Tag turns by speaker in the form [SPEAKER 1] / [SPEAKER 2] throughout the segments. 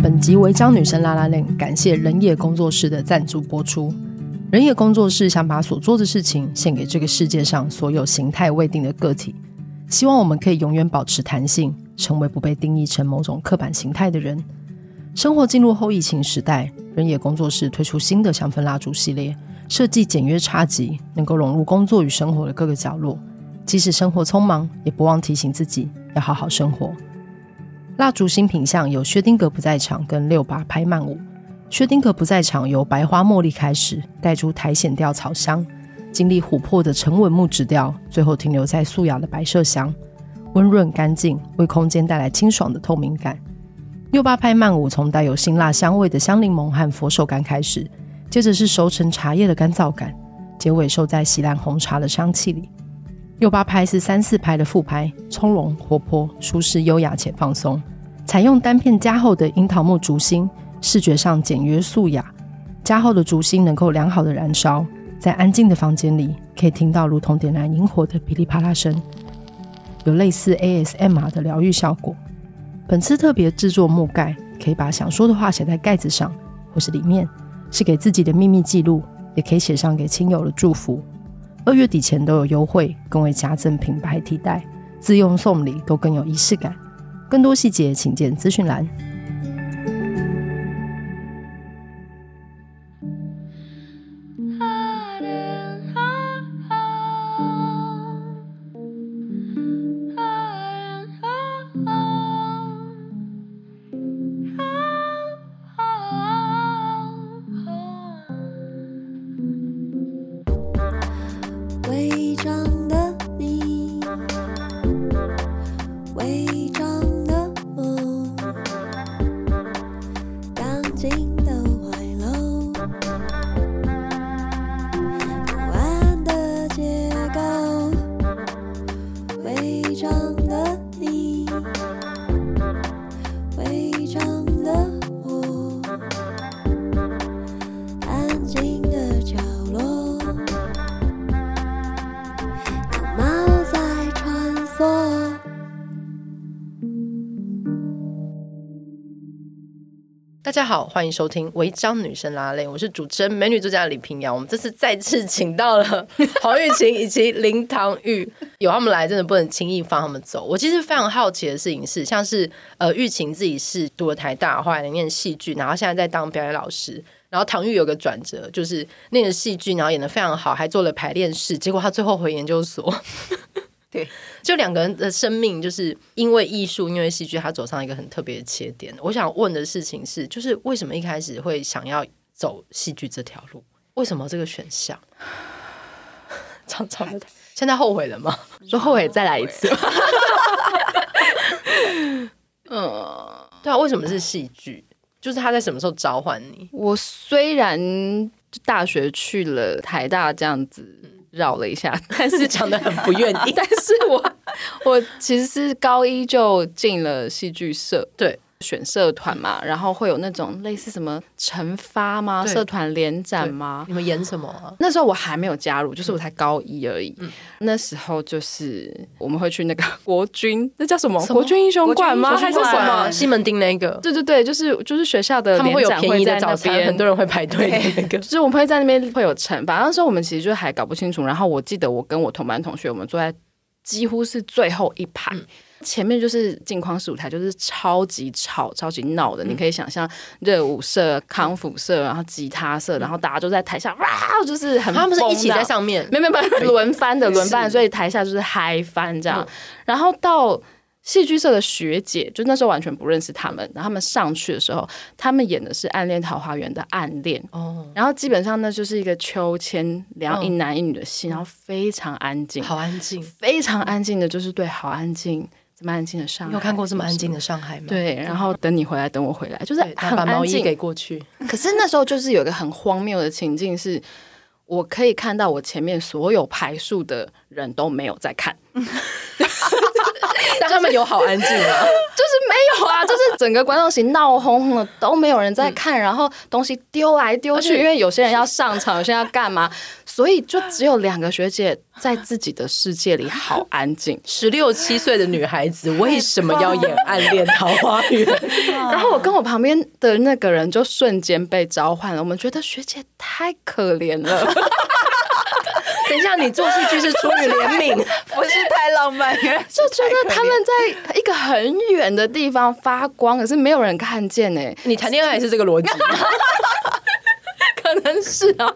[SPEAKER 1] 本集違章女生 lalaLand，感謝人也工作室的贊助播出。人也工作室想把所做的事情獻給這個世界上所有形態未定的個體，希望我們可以永遠保持彈性，成為不被定義成某種刻板形態的人。生活進入後疫情時代，人也工作室推出新的香氛蠟燭系列，設計簡約差級，能夠融入工作與生活的各個角落。即使生活匆忙，也不忘提醒自己要好好生活。蠟燭新品項有薛丁格不在場跟六八拍曼舞。薛丁格不在場由白花茉莉開始，帶出苔蘚調草香，經歷琥珀的沉穩木質調，最後停留在素雅的白麝香，溫潤乾淨，為空間帶來清爽的透明感。六八拍曼舞從帶有辛辣香味的香檸檬和佛手柑開始，接着是熟成茶葉的乾燥感，結尾收在喜蘭紅茶的香氣裡。六八拍是三四拍的副拍，從容活潑、舒適、優雅且放鬆。採用單片加厚的櫻桃木燭芯，視覺上簡約素雅。加厚的燭芯能夠良好的燃燒，在安靜的房間裡可以聽到如同點燃營火的噼里啪啦聲，有類似 ASMR 的療癒效果。本次特別製作木蓋，可以把想說的話寫在蓋子上或是裡面，是給自己的秘密記錄，也可以寫上給親友的祝福。二月底前都有優惠，更為家政品牌提袋，自用送禮都更有儀式感。更多細節請見資訊欄。好，歡迎收聽《違章女生 lalaLand》。我是主持人美女作家李屏瑤。我們這次再次請到了黃郁晴以及林唐聿， 有他們來真的不能輕易放他們走。我其實非常好奇的事情是，像是呃郁晴自己是讀了台大，後來念戲劇，然後現在在當表演老師；然後唐聿有個轉折，就是念了戲劇，然後演得非常好，還做了排練室，結果他最後回研究所。 對，就兩個人的生命，就是因為藝術，因為戲劇，他走上一個很特別的切點。我想問的事情是，就是為什麼一開始會想要走戲劇這條路？為什麼這個選項？ 長長現在後悔了嗎？說後悔，後悔再來一次？ 嗯，
[SPEAKER 2] 對啊。為什麼是戲劇？嗯、就是他在什麼時候召喚你？我雖然就大學去了台大，這樣子。嗯繞了一下，但是講得
[SPEAKER 1] 很不願意。 但
[SPEAKER 2] 是我我其實是高一就進了戲劇社，對。選社團嘛，然後會有那種類似什麼成發嗎？社團聯展嗎？你們演什麼？那時候我還沒有加入， 就是我才高一而已、嗯。那時候就是我們會去那個國軍，那叫什麼，什麼國軍英雄館嗎雄館？還是什麼西門町那個？對對對，就是就是學校的，他的。他們會有便宜的早餐，很多人會排隊、那個 okay. 就是我們會在那邊會有稱，反 正那時候我們其實就還搞不清楚。然後我記得我跟我同班同學，我們坐在幾乎是最後一排。嗯前面就是鏡框式舞台，就是超級吵，超級鬧的，嗯。你可以想象熱舞社、康輔社，然後吉他社、嗯，然後大家都在台下哇，就是很他們是一起在上面，沒沒沒輪 番的輪 番的， 所以台下就是嗨翻這樣，嗯。然後到戲劇社的學姐，就那時候完全不認識他們。然後他們上去的時候，他們演的是《暗戀桃花源》的暗戀哦。然後基本上呢就是一個秋千，然後一男一女的戲，哦，然後非常安靜，好，嗯，安靜，嗯，非常安靜的，就是對，好安靜。蠻安靜的上海，有看過這麼安靜的上海嗎？對，然後等你回來，等我回來，就是他把毛衣給過去。可是那時候就是有一個很荒謬的情境，是我可以看到我前面所有排數的人都沒有在看。讓、 就是、但他們有好安靜嗎？ 就是沒有啊，就是整個觀眾席鬧哄哄的，都沒有人在看，嗯、然後東西丟來丟去，因為有些人要上場，有些人要幹嘛，所以就只有兩個學姐在自己的世界裡好安靜。十六七歲的女孩子為什麼要演暗戀桃花源？ 然後我跟我旁邊的那個人就瞬間被召喚了，我們覺得學姐太可憐了。 等一下，你做戲劇是出於憐憫，不是太浪漫太，就覺得他們在一個很遠的地方發光，可是沒有人看見呢、欸。你談戀愛也是這個邏輯嗎？ 可能是啊。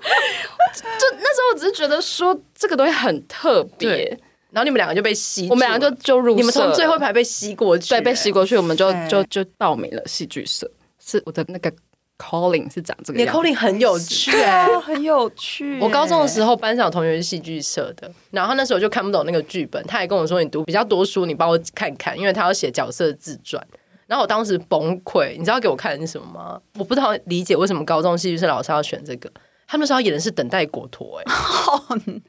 [SPEAKER 2] 就那時候我只是覺得說這個東西很特別，然後你們兩個就被吸，我們兩個就就入，你們從最後一排被吸過去，對，被吸過去，我們就就就倒霉了戲劇社。是，我的那個。Calling 是講這個 Calling 很有
[SPEAKER 1] 趣
[SPEAKER 3] 很有趣、欸。我高中的時候，
[SPEAKER 1] 班上有同學是戲劇社的，然後他那時候就看不懂那個劇本，他也跟我說：“你讀比較多書，你幫我看看。”因為他要寫角色自傳，然後我當時崩潰。你知道給我看的是什麼嗎？我不知道理解為什麼高中戲劇社老師要選這個。他們說演的是等待果陀誒、欸，好難。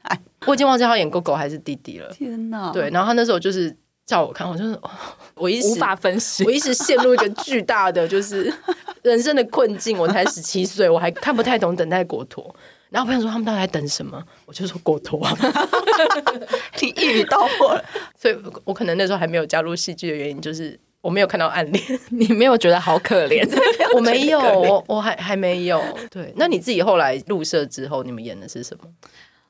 [SPEAKER 1] 我已經忘記他演 Gogo 還是弟弟了。
[SPEAKER 3] 天哪！對，然
[SPEAKER 1] 後他那時候就是。照我看，我就是我一無法分析，我一直陷入一個巨大的就是人生的困境。 我才十七歲，我還看不太懂等待國陀， 然後我想說他們到底在等什麼，我就說國陀、啊， 你一語道破 所以，我可能那時候還沒有加入戲劇的原因，就是我沒有看到暗戀，
[SPEAKER 2] 你沒有覺得好可憐， 我沒有，我
[SPEAKER 1] 我還 還沒有。對，那你自己後來入社之後，你們演的是什麼？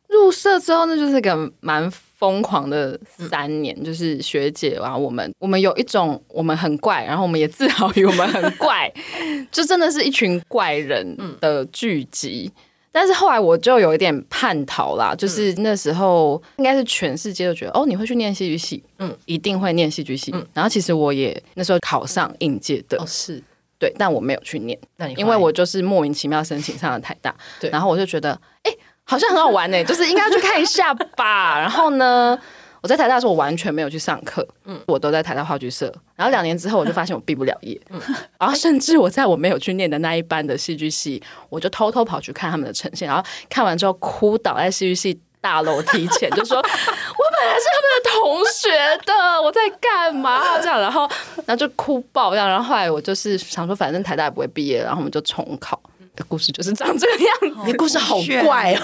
[SPEAKER 2] 入社之後呢，那就是一個蠻瘋狂的三年，嗯，就是學姐啊，我們我們有一種我們很怪，然後我們也自豪於我們很怪， 就真的是一群怪人的聚集，嗯。但是後來我就有一點叛逃啦，就是那時候應該是全世界都覺得哦，你會去念戲劇系，嗯，一定會念戲劇系。然後其實我也那時候考上應屆的，嗯，哦，是對，但我沒有去念，因為我就是莫名其妙申請上的台大，對，然後我就覺得哎。欸好像很好玩呢、欸，就是應該要去看一下吧。 然後呢，我在台大的時候我完全沒有去上課，嗯，我都在台大話劇社。然後兩年之後我就發現我畢不了業、嗯，然後甚至我在我沒有去念的那一班的戲劇系，我就偷偷跑去看他們的呈現。然後看完之後哭倒在戲劇系大樓梯前，就說：“ 我本來是他們的同學的，我在幹嘛、啊？”這樣，然後然後就哭爆掉。然後後來我就是想說，反正台大也不會畢業，然後我們就重考。的故事就是長這個樣子， 你故事好怪哦，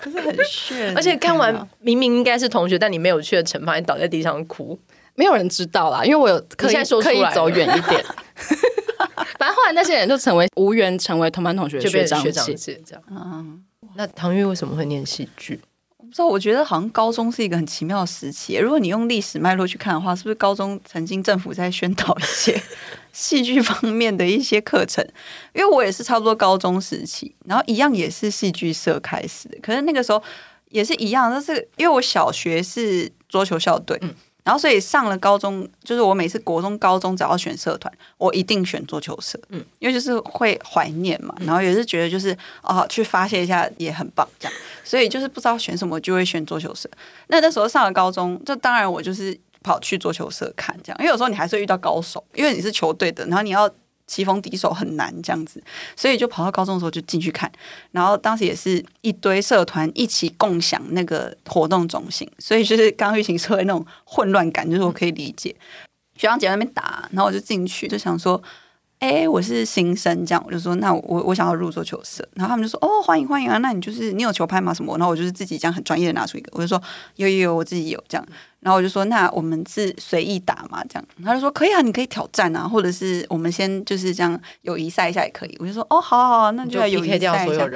[SPEAKER 2] 可是很炫， 而且看完明明應該是同學， 但你沒
[SPEAKER 1] 有去的懲罰，你倒在地上哭，
[SPEAKER 2] 沒有人知道啦，因為我有可以現在說出來可以走遠一點。 反正後來那些人就成為無緣成為同班同學，學，就變成學長姐這
[SPEAKER 1] 樣。嗯，那唐聿為什麼會念戲劇？
[SPEAKER 2] 不知道，
[SPEAKER 3] 我覺得好像高中是一個很奇妙的時期。如果你用歷史脈絡去看的話，是不是高中曾經政府在宣導一些戲 劇方面的一些課程？因為我也是差不多高中時期，然後一樣也是戲劇社開始。可是那個時候也是一樣，但是因為我小學是桌球校隊。嗯然後所以上了高中，就是我每次國中、高中只要選社團，我一定選桌球社，嗯、因為就是會懷念嘛，嗯、然後也是覺得就是哦，去發洩一下也很棒，這樣，所以就是不知道選什麼就會選桌球社。那那時候上了高中，就當然我就是跑去桌球社看這樣，因為有時候你還是會遇到高手，因為你是球隊的，然後你要。棋逢敵手很難這樣子，所以就跑到高中的時候就進去看，然後當時也是一堆社團一起共享那個活動中心，所以就是剛剛疫情社會那種混亂感，就是我可以理解。嗯、學長姐在那邊打，然後我就進去、嗯、就想說。哎、欸，我是新生，這樣我就說，那我我想要入桌球社，然後他們就說，哦，歡迎歡迎啊，那你就是你有球拍嗎？什麼？然後我就是自己這樣很專業的拿出一個，我就說有有有，我自己有這樣，然後我就說，那我們是隨意打嘛，這樣，他就說可以啊，你可以挑戰啊，或者是我們先就是這樣友誼賽一下也可以，我就說，哦，好好好，那就要友誼賽一下。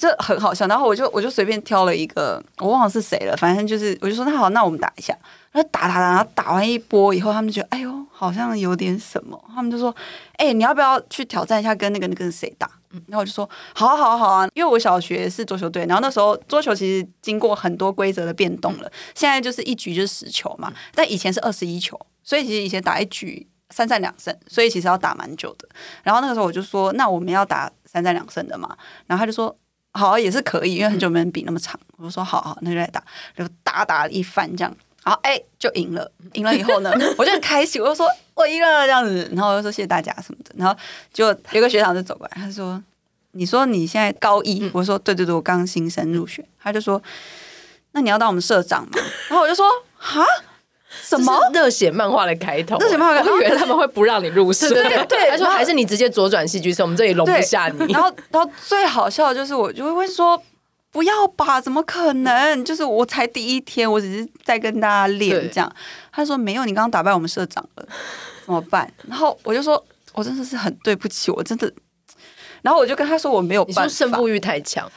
[SPEAKER 3] 這很好笑，然後我就我就隨便挑了一個，我忘了是誰了，反正就是我就說那好，那我們打一下。然後打打打，然後打完一波以後，他們就覺得哎呦，好像有點什麼，他們就說：“哎、欸，你要不要去挑戰一下跟那個那個誰打？”嗯，然後我就說：“好好好啊，因為我小學是桌球隊，然後那時候桌球其實經過很多規則的變動了、嗯，現在就是一局就是十球嘛，嗯、但以前是二十一球，所以其實以前打一局三戰兩勝，所以其實要打蠻久的。然後那個時候我就說，那我們要打三戰兩勝的嘛？然後他就說。好也是可以，因為很久沒人比那麼長。嗯、我說好好，那就來打，就大打、打一番這樣。然後哎，就贏了，贏了以後呢， 我就很開心。我就說我贏了這樣子，然後我就說謝謝大家什麼的。然後就有一個學長就走過來，他說：“你說你現在高一、嗯？”我說：“對對對，我剛新生入學。嗯”他就說：“那你要當我們社長嗎？”然
[SPEAKER 1] 後我就說：“哈？”什麼熱血漫畫的開頭？熱血漫畫，我以為他們會不讓你入社。啊、對，對對對他說還是你直接左轉戲劇社，我們這裡容不下你。然後，
[SPEAKER 3] 然後最好笑的就是，我就會問說，不要吧？怎麼可能？嗯、就是我才第一天，我只是在跟大家練這樣。他說沒有，你剛剛打敗我們社長了，怎麼辦？然後我就說，我真的是很對不起，我真的。然後我就跟他說，我沒有辦法，勝負慾太強。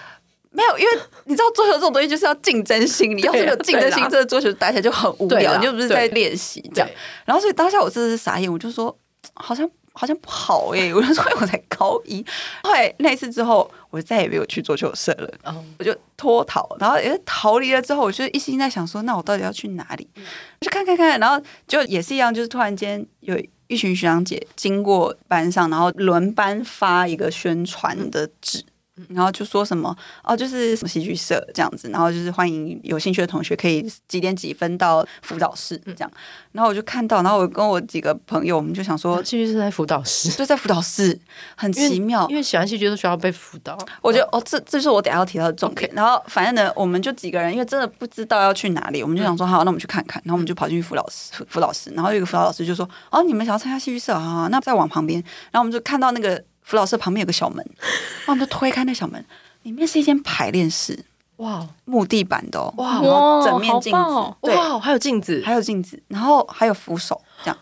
[SPEAKER 3] 沒有，因為你知道桌球這種東西就是要競爭心理，啊、你要是沒有競爭心理、啊，這個桌球打起來就很無聊、啊，你就不是在練習這樣。然後所以當下我真的是傻眼，我就說好像好像不好哎、欸。我就說我才高一，後來那一次之後，我就再也沒有去桌球社了、嗯，我就脫逃，然後也是逃離了之後，我就一心，心在想說，那我到底要去哪裡？嗯、我就看，看看看，然後就也是一樣，就是突然間有一群學長姐經過班上，然後輪班發一個宣傳的紙。嗯然後就說什麼哦，就是什麼戲劇社這樣子，然後就是歡迎有興趣的同學可以幾點幾分到輔導室這樣、嗯。然後我就看到，然後我跟我幾個朋友，我們就想說戲劇社在輔導室，就在輔導室，很奇妙，因為，因為喜歡戲劇都需要被輔導。我覺得哦，這這就是我等下要提到的重點。Okay. 然後反正呢，我們就幾個人，因為真的不知道要去哪裡，我們就想說、嗯、好，那我們去看看。然後我們就跑進去輔導室，輔導室，然後有一個輔導老師就說、嗯、哦，你們想要參加戲劇社啊？好好，那再往旁邊，然後我們就看到那個。扶老師旁邊有個小門， 然後我們就推開那小門，裡面是一間排練室，哇，木地板的哦，哇，wow，然後整面鏡子，wow, 對，wow, 還有鏡子，還有鏡子，然後還有扶手，這樣，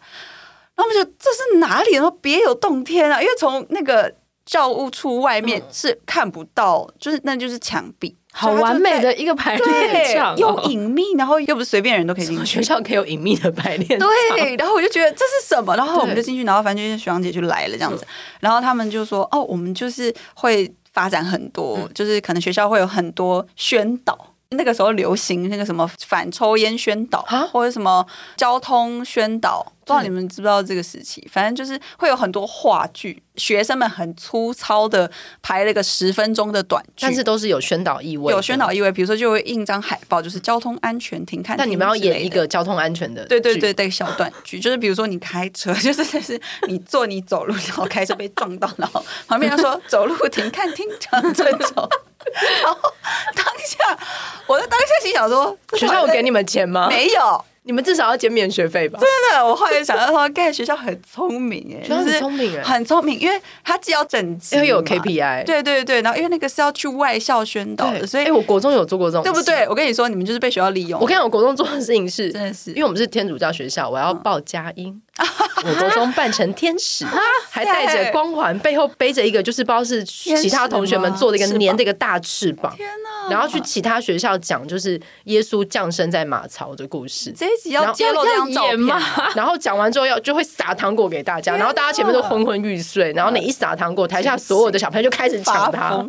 [SPEAKER 3] 然後我們就這是哪裡？然後別有洞天啊，因為從那個教務處外面是看不到，就是那就是牆壁。好完美的
[SPEAKER 2] 一個排練對，對，又
[SPEAKER 3] 隱秘，然後又不是隨便人都可以進去，學校可以有隱秘的排練對，然後我就覺得這是什麼？然後我們就進去，然後反正就學長姐就來了這樣子。然後他們就說：“哦，我們就是會發展很多，嗯、就是可能學校會有很多宣導。”那個時候流行那個什麼反抽菸宣導啊，或者什麼交通宣導，不知道你們知不知道這個時期。反正就是會有很多話劇，學生們很粗糙的排了個十分鐘的短劇，但是都是有宣導意味，有宣導意味。比如說，就會印一張海報，就是交通安全，停看。那你們要演一
[SPEAKER 1] 個交通安全的，對對對對小短劇，就是
[SPEAKER 3] 比如說你開車，就是就是你坐你走路，然後開車被撞到，然後旁邊要說走路停看聽講再走，然後當下。我在當下心想說，學校有給你們
[SPEAKER 1] 錢嗎？沒有，你們至少要減免學費吧？真的，我後來想到說，蓋學校很聰明誒、欸。學
[SPEAKER 3] 校是聰明，很聰明，因為他既要整，要有 KPI，對對對。然後因為那個是要去
[SPEAKER 1] 外校宣導的，所以、欸、我國中有做過這種事，對不
[SPEAKER 3] 對？我跟你說，你們就是被學校利用。我跟你
[SPEAKER 1] 講，我國中做的事情是，真的是，因為我們是天主教學校，我要報佳音。嗯我國中扮成天使，還帶着光環，背後背着一個，就是不知道是其他同學們做的一個粘的一個大翅膀、啊。然後去其他學校講，就是耶穌降生在馬槽的故事。這一集要這樣、啊、然後講完之後要就會撒糖果給大家、啊，然後大家前面都昏昏欲睡，然後你一撒糖果，台下所有的小朋友就開始搶他。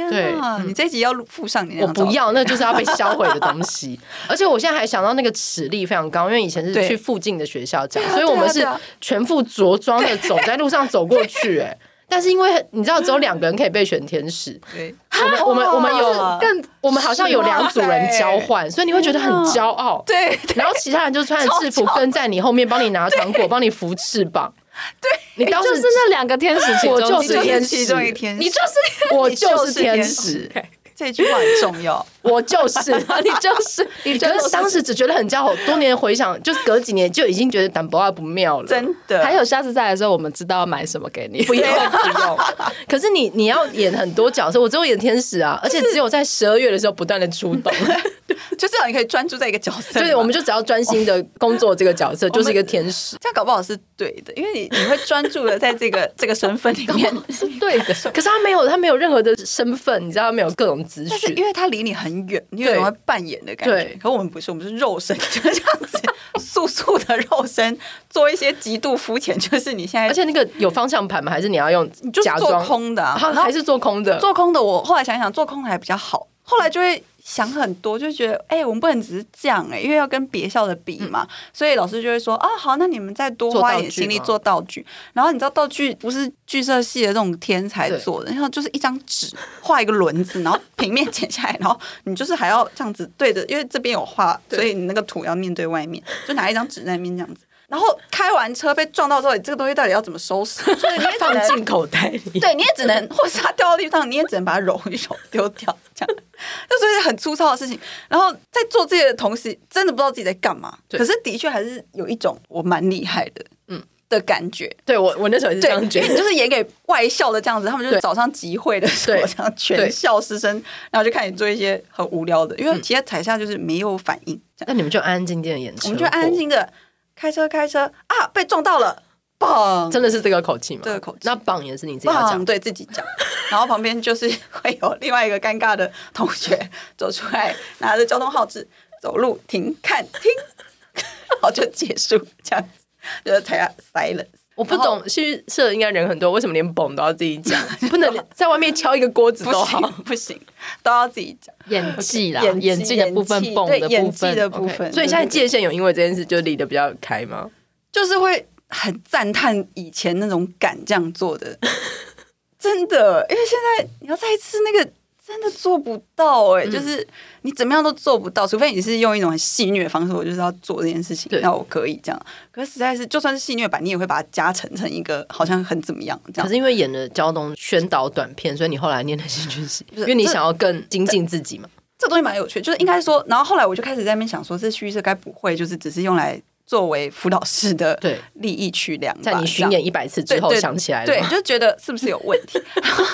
[SPEAKER 1] 啊、對、嗯，你
[SPEAKER 3] 這一集要附上你。我不要，那就是要被銷毀的東
[SPEAKER 1] 西。 而且我現在還想到那個恥力非常高，因為以前是去附近的學校講，所以我們是全副着裝的走在路上走過去、欸。但是因為你知道，只有兩個人可以被選天使。對，我們我們我們有，更我們好像有兩組人交換，所以你會覺得很驕傲對。對，然後其他人就穿着制服跟在你後面，幫你拿糖果，幫你扶翅膀。對，你當時，你就是那兩個天使。我就是天使，其中一個，你就是，我 就是天使。就是、天 okay, 這句話很重要，我就是， 你就是， 你就是。是當時只覺得很驕傲， 多年回想，就是隔幾年就已經覺得 d a m 不妙了。真的，還有下次再來的時候，我們知道要買什麼給你，不用不用。 可是你你要演很多角色，我只有演天使啊，就是、而且只有在十二月的時候不斷的出動。 就至少你可以專注在一個角色，對，我們就只要專心的工作這個角色，oh, 就是一個天使。這樣搞不好是
[SPEAKER 3] 對的，因為你你會專注的在這個 這個身份裡面是
[SPEAKER 1] 對的。 可是他沒有，他沒有任何的身份，你知道他沒有各種資訊，因為他離你很遠，因為他扮演的感覺。對，
[SPEAKER 3] 可我們不是，我們是肉身， 就像
[SPEAKER 1] 是這樣子素素的肉身做一些極度膚淺，就是你現在。而且那個有方向盤嘛？還是你要用？你就假裝做空的，啊啊，還是做空的？做
[SPEAKER 3] 空的。我後來想想，做空還比較好。後來就會。想很多就覺得，哎、欸，我們不能只是這樣哎、欸，因為要跟別校的比嘛、嗯，所以老師就會說，啊、哦，好，那你們再多花一點心力做道，做道具。然後你知道道具不是劇設系的這種天才做的，然後就是一張紙畫一個輪子，然後平面剪下來， 然後你就是還要這樣子對着，因為這邊有畫，所以你那個圖要面對外面，就拿一張紙在面這樣子。然後開完車被撞到之後，你這個東西到底要怎麼收拾？你也 放進口袋裡，對你也只能， 或者是它掉到地上，你也只能把它揉一揉丟掉，這樣就是一些很粗糙的事情。然後在做這些的同時，真的不知道自己在幹嘛。可是的確還是有一種我蠻厲害的，嗯的感覺。對我，我那時候也是這樣覺得，你就是演給外校的這樣子，他們就早上集會的時候，這樣全校師生，然後就看你做一些很無聊的，因為其實台下就是沒有反應。那、嗯、你們就安安靜靜的演，我們就安安靜靜的。開車，開車，開車啊！被撞到了，棒！真的是這個口氣嗎？這個口氣，那棒也是你自己講，對自己講。 然後旁邊就是會有另外一個尷尬的同學走出來，拿着交通號志，走路停看聽，
[SPEAKER 1] 然後就結束，這樣子就是踩要 silence。我不懂，其實社員應該人很多，為什麼連蹦、bon、都要自己講？不能在外面敲一個鍋子都好 不行，不行，都要自己講。Okay, 演技啦、okay,，演技的部分，蹦、bon、的部分，所以現在界限有因為這件事就離得比較開嗎？對對對
[SPEAKER 3] 對？就是會很讚嘆以前那種敢這樣做的， 真的，因為現在你要再一次那個。真的做不到哎、欸嗯，就是你怎麼樣都做不到，除非你是用一種很戲謔的方式，我就是要做這件事情，那我可以這樣。可是實在是，就算是戲謔版，你也會把它加成成一個好像很怎麼樣這樣。可是因為演了交通宣導短片，所以你後來念的戲劇系，因為你想要更精進自己嘛。這，這東西蠻有趣，就是應該說，然後後來我就開始在那邊想說，這敘事該不會就是只是用來。作為輔導師的利益取量， 在你巡演一百次之後想起來，對，就覺得是不是有問題？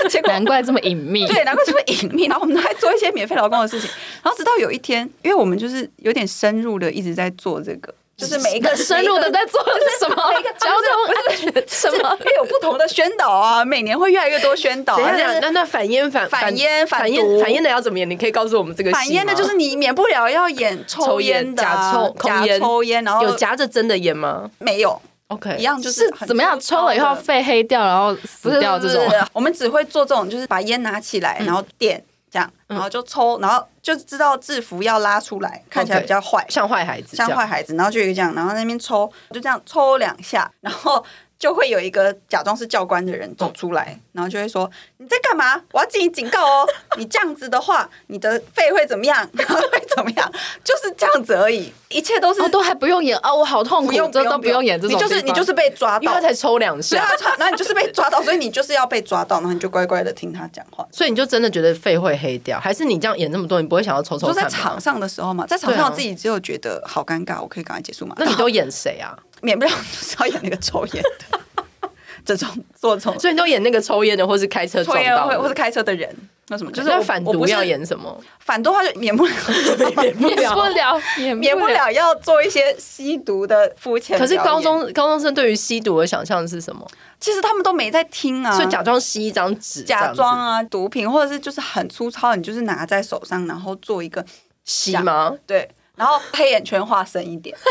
[SPEAKER 3] 結果 難怪這麼隱秘，對，難怪這麼隱秘。然後我們都還做一些免費勞工的事情，然後直到有一天，因為我們就是有點深入的一直在做這個。就是每一個深入的在做的是什麼？交通什麼？會有不同的宣導啊，每年會越來越多宣導，啊。這樣，那那、
[SPEAKER 1] 就是、反煙反反煙反煙反煙的要怎麼演？你可以告訴我們這個。反煙的就是你
[SPEAKER 3] 免不了要演抽煙的、啊、假抽煙、抽煙，然後有夾
[SPEAKER 1] 着真的煙嗎？沒有。OK，一樣就是是
[SPEAKER 3] 怎麼樣？抽了以後肺
[SPEAKER 2] 黑掉，然後死掉，是是是是這種。
[SPEAKER 3] 我們只會做這種，就是把煙拿起來，然後點。嗯這樣，然後就抽，嗯，然後就知道制服要拉出來，okay, 看起來比較壞，像壞孩子，像壞孩子。然後就一個這樣，然後那邊抽，就這樣抽兩下，然後。就會有一個假裝是教官的人走出來，哦、然後就會說：“你在幹嘛？我要進行警告哦！ 你這樣子的話，你的肺會怎麼樣？會怎麼樣？就是這樣子而已，
[SPEAKER 2] 一切都是、哦、都還不用演啊！我好痛苦，真這都不用演這種，你就是你就是被
[SPEAKER 3] 抓到，到才抽兩下，啊，然後你就是被抓到， 所以你就是要被抓到，然後你就乖乖
[SPEAKER 1] 的聽他講話。所以你就真的覺得肺會黑掉，還是你這樣演那麼多，你不會想要抽抽？就是、在場上
[SPEAKER 3] 的時候嘛，在場上自己只有覺得好尷
[SPEAKER 1] 尬，啊，我可以趕快結束嗎？那你都演誰啊？
[SPEAKER 3] 免不了是要演那個抽菸
[SPEAKER 1] 的， 這種做這種所以你都演那個抽菸的，或是開車抽煙，或或是開車的人，那什麼就是要反毒不，要演什麼
[SPEAKER 3] 反毒的話就免不了， 免不了，免不了要做一些吸毒的膚淺。可是高中
[SPEAKER 1] 高中生對於吸毒的想象是什麼？
[SPEAKER 3] 其實他們都沒在聽啊，就假裝吸
[SPEAKER 1] 一張紙，假裝
[SPEAKER 3] 啊毒品，或者是就是很粗糙，你就是拿在手上，然後做一個吸嗎？對。然後黑眼圈畫深一點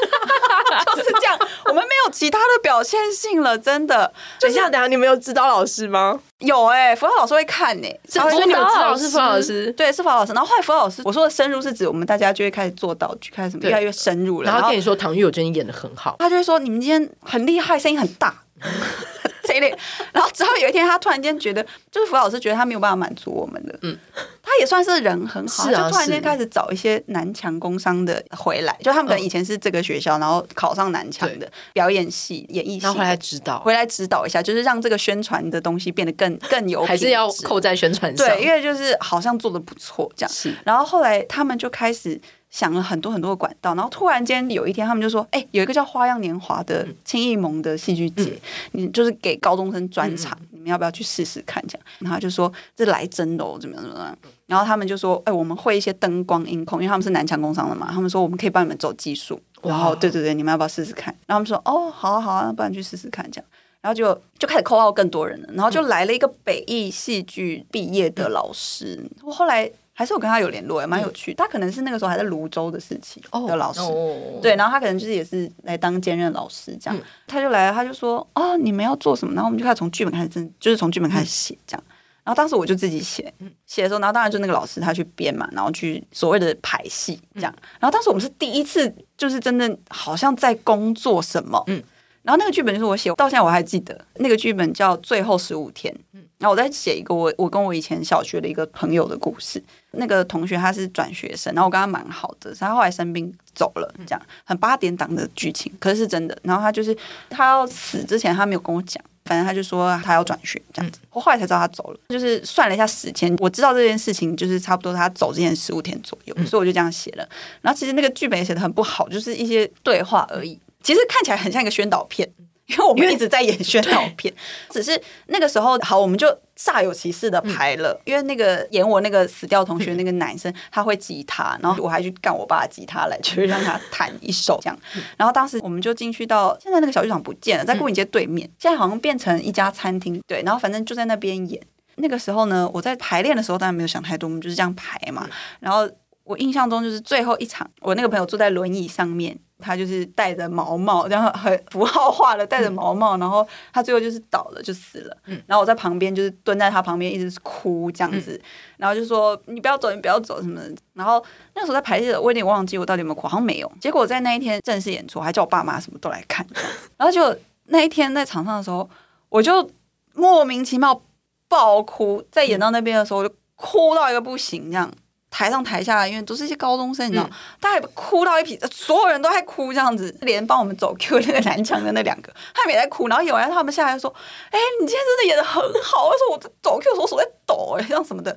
[SPEAKER 3] 就是這樣。我們沒有其他的表現性了，真的。就是、等一下，等下，你們有指導老師嗎？有哎、欸，輔老師會看、欸、是，所是你有指導，有指導是福老師，輔導老師對是輔老師。然後後來輔導老師，我說的深入是指我們大家就會開始做道具，開始什麼越來越深入了。然後跟你說，
[SPEAKER 1] 唐聿，我覺得你演的很好，他
[SPEAKER 3] 就會說你們今天很厲害，聲音很大。 這一點，然後直到有一天，他突然間覺得，就是福老師覺得他沒有辦法滿足我們的嗯，他也算是人很好，就突然間開始找一些南強工商的回來，就他們可能以前是這個學校，然後考上南強的表演系、演藝系，然後回來指導，回來指導一下，就是讓這個宣傳的東西變得更更有，還是要
[SPEAKER 1] 扣在宣傳上？對，因
[SPEAKER 3] 為就是好像做的不錯這樣。是，然後後來他們就開始。想了很多很多的管道，然後突然間有一天，他們就說：“哎、欸，有一個叫《花樣年華》的青藝盟的戲劇節、嗯，你就是給高中生專場、嗯，你們要不要去試試看？”這樣，然後就說這來真的、哦，怎麼樣怎麼樣。’然後他們就說：“哎、欸，我們會一些燈光音控，因為他們是南強工商的嘛，他們說我們可以幫你們走技術。哦”然後對對對，你們要不要試試看？然後他們說：“哦，好啊好啊，不然去試試看。”這樣，然後就就開始扣到更多人了，然後就來了一個北藝戲劇畢業的老師。嗯、我後來。還是我跟他有聯絡、欸，也蠻有趣。他可能是那個時候還在瀘州的時期，哦、的老師、哦，對，然後他可能就是也是來當兼任老師這樣。嗯、他就來，他就說：“啊，你們要做什麼？”然後我們就開始從劇本開始，就是從劇本開始寫這樣。然後當時我就自己寫，寫的時候，然後當然就那個老師他去編嘛，然後去所謂的排戲這樣。然後當時我們是第一次，就是真的好像在工作什麼，嗯然後那個劇本就是我寫，到現在我還記得那個劇本叫《最後十五天》。嗯，然後我在寫一個我我跟我以前小學的一個朋友的故事。那個同學他是轉學生，然後我跟他蠻好的，是他後來生病走了，這樣很八點檔的劇情、嗯，可是是真的。然後他就是他要死之前他沒有跟我講，反正他就說他要轉學這樣子、嗯，我後來才知道他走了。就是算了一下時間，我知道這件事情就是差不多他走之前十五天左右、嗯，所以我就這樣寫了。然後其實那個劇本也寫得很不好，就是一些對話而已。嗯其實看起來很像一個宣導片，因為我們一直在演宣導片。嗯、只是那個時候，好，我們就煞有其事的排了。嗯、因為那個演我那個死掉同學、嗯、那個男生，他會吉他，然後我還去幹我爸的吉他來，嗯、就是讓他彈一首這樣、嗯。然後當時我們就進去到，現在那個小劇場不見了，在牯嶺街對面、嗯，現在好像變成一家餐廳。對，然後反正就在那邊演。那個時候呢，我在排練的時候當然沒有想太多，我們就是這樣排嘛。然後我印象中就是最後一場，我那個朋友坐在輪椅上面。他就是戴着毛帽，然後很符號化的戴着毛帽，嗯、然後他最後就是倒了，就死了、嗯。然後我在旁邊就是蹲在他旁邊，一直哭這樣子，嗯、然後就說你不要走，你不要走什麼的。然後那個時候在排戲的，我有點忘記我到底有沒有哭，好像沒有。結果在那一天正式演出，還叫我爸媽什麼都來看。然後就那一天在場上的時候，我就莫名其妙爆哭，在演到那邊的時候我就哭到一個不行這樣。嗯這樣。台上台下，因為都是一些高中生，你知道嗎，嗯、他還哭到一匹，所有人都在哭，這樣子，連幫我們走 Q 的那個南牆的那兩個，他也在哭。然後有人他們下來說：“哎、欸，你今天真的演得很好。”我說：“我走 Q 手手在抖，哎，像什麼的。”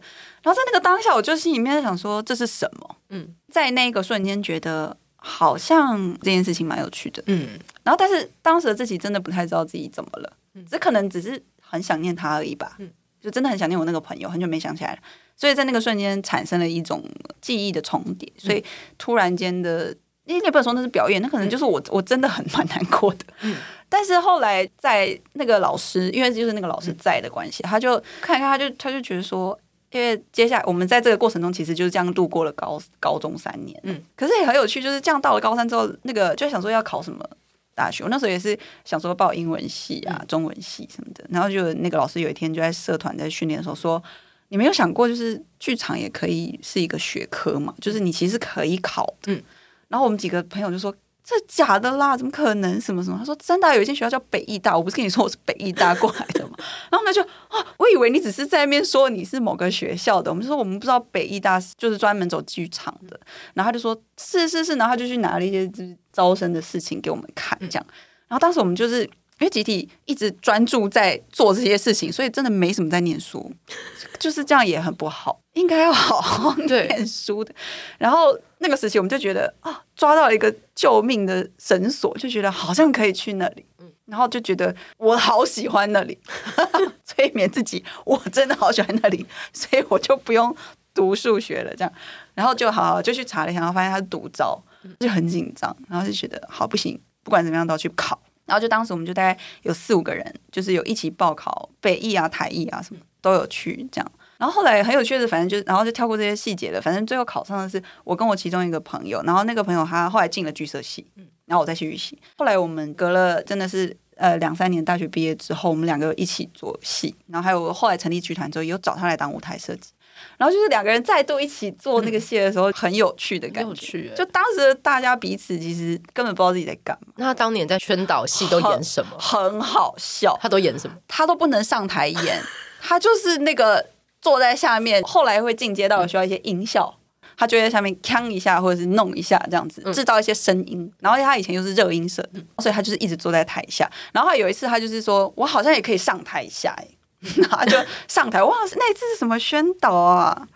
[SPEAKER 3] 然後在那個當下，我就心裡面想說：“這是什麼？”嗯，在那一個瞬間，覺得好像這件事情蠻有趣的。嗯，然後但是當時的自己真的不太知道自己怎麼了，只可能只是很想念他而已吧。嗯，就真的很想念我那個朋友，很久沒想起來了。所以在那個瞬間產生了一種記憶的重疊、嗯，所以突然間的，為、欸、你也不能說那是表演，那可能就是我，嗯、我真的很蠻難過的、嗯。但是後來在那個老師，因為就是那個老師在的關係、嗯，他就看一看，他就他就覺得說，因為接下來我們在這個過程中其實就是這樣度過了高高中三年，嗯，可是也很有趣，就是這樣到了高三之後，那個就想說要考什麼大學，我那時候也是想說報英文系啊、嗯、中文系什麼的，然後就那個老師有一天就在社團在訓練的時候說。你沒有想過，就是劇場也可以是一個學科嘛？就是你其實可以考的、嗯。然後我們幾個朋友就說：“這假的啦，怎麼可能？什麼什麼？”他說：“真的，有一間學校叫北藝大，我不是跟你說我是北藝大過來的嗎？” 然後他就啊、哦，我以為你只是在那邊說你是某個學校的。我們就說我們不知道北藝大就是專門走劇場的。嗯、然後他就說：“是是是。是”然後他就去拿了一些招生的事情給我們看，這樣。嗯、然後當時我們就是。因為集體一直專注在做這些事情，所以真的沒什麼在念書，就是這樣也很不好。應該要好好念書的。對。然後那個時期，我們就覺得啊、哦，抓到了一個救命的繩索，就覺得好像可以去那裡。然後就覺得我好喜歡那裡哈哈，催眠自己，我真的好喜歡那裡，所以我就不用讀數學了。這樣，然後就好好就去查了一下，然後發現他是獨招，就很緊張，然後就覺得好不行，不管怎麼樣都要去考。然後就當時我們就大概有四五個人，就是有一起報考北藝啊、台藝啊什麼都有去這樣。然後後來很有趣的，反正就然後就跳過這些細節了。反正最後考上的是我跟我其中一個朋友，然後那個朋友他後來進了劇設系，然後我再去學習、嗯。後來我們隔了真的是呃兩三年，大學畢業之後，我們兩個一起做戲，然後還有後來成立劇團之後，又找他來當舞台設計。然後就是兩個人再度一起做那個戲的時候，很有趣的感覺。就當時大家彼此其實
[SPEAKER 1] 根本不知道自己在幹嘛。那他當年在圈導戲都演什麼？很好笑，他都演什麼？他都不能上台演，
[SPEAKER 3] 他就是那個坐在下面。後來會進階到需要一些音效，他就在下面鏘一下，或者是弄一下這樣子，製造一些聲音。然後他以前又是熱音社，所以他就是一直坐在台下。然後有一次，他就是說我好像也可以上台一下哎。 然後他就上台，哇，那一次是什麼宣導啊？